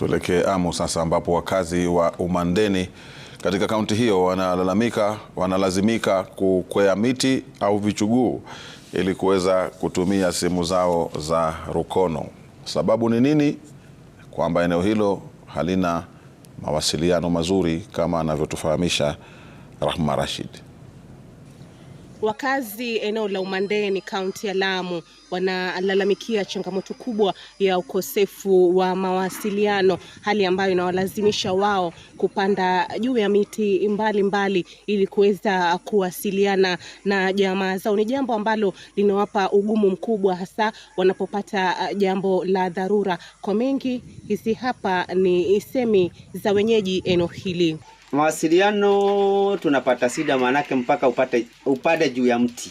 Tuelekee Amu sasa ambapo wakazi wa Umandeni katika kaunti hiyo wanalalamika, wanalazimika kukwea miti au vichuguu ili kuweza kutumia simu zao za rukono. Sababu ni nini? Kwamba eneo hilo halina mawasiliano mazuri kama anavyotufahamisha Rahma Rashid. Wakazi eneo la Umandeni, kaunti ya Lamu, wanalalamikia changamoto kubwa ya ukosefu wa mawasiliano, hali ambayo inawalazimisha wao kupanda juu ya miti mbalimbali ili kuweza kuwasiliana na jamaa zao. Ni jambo ambalo linawapa ugumu mkubwa, hasa wanapopata jambo la dharura. Kwa mengi, hizi hapa ni semi za wenyeji eneo hili mawasiliano tunapata shida, maanake mpaka upate upande juu ya mti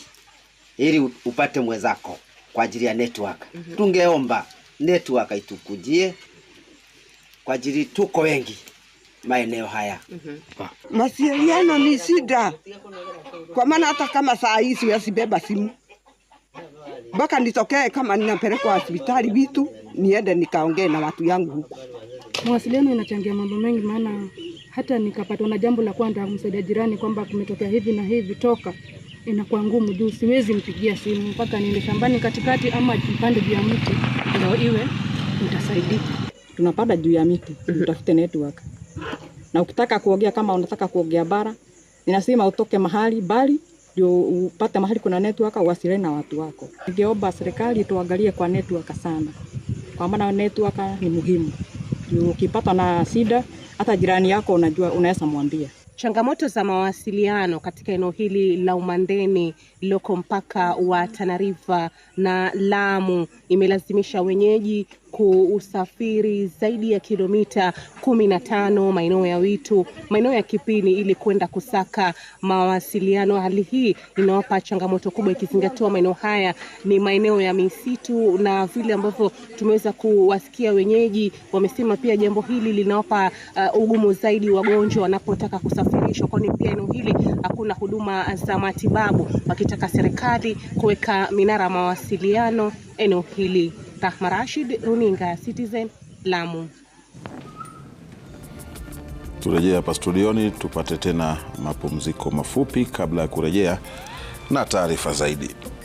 ili upate mwenzako kwa ajili ya network. mm -hmm. Tungeomba network itukujie kwa ajili tuko wengi maeneo haya. mm -hmm. Mawasiliano ni shida, kwa maana hata kama saa hizi wasibeba simu mpaka nitokee kama ninapelekwa hospitali vitu niende nikaongee na watu yangu huko. Mawasiliano inachangia mambo mengi, maana hata nikapatwa na jambo la kwanza kumsaidia jirani kwamba kumetokea hivi na hivi, toka inakuwa ngumu juu siwezi mpigia simu mpaka niende shambani katikati ama mpande juu ya mti ndio iwe nitasaidika. Tunapanda juu ya miti tutafute network, na ukitaka kuogea, kama unataka kuogea bara, ninasema utoke mahali bali ndio upate mahali kuna network, uwasiliane na watu wako. Ningeomba serikali tuangalie kwa network sana, kwa maana network ni muhimu. Ukipata na shida hata jirani yako unajua, unaweza mwambia. Changamoto za mawasiliano katika eneo hili la Umandeni lililoko mpaka wa Tana River na Lamu imelazimisha wenyeji kusafiri zaidi ya kilomita kumi na tano maeneo ya Witu, maeneo ya Kipini ili kwenda kusaka mawasiliano. Hali hii inawapa changamoto kubwa, ikizingatiwa maeneo haya ni maeneo ya misitu, na vile ambavyo tumeweza kuwasikia wenyeji wamesema pia jambo hili linawapa uh, ugumu zaidi wagonjwa wanapotaka kusafirishwa, kwani pia eneo hili hakuna huduma za matibabu, wakitaka serikali kuweka minara mawasiliano eneo hili. Rahma Rashid, runinga Citizen, Lamu. turejee hapa studioni tupate tena mapumziko mafupi kabla ya kurejea na taarifa zaidi.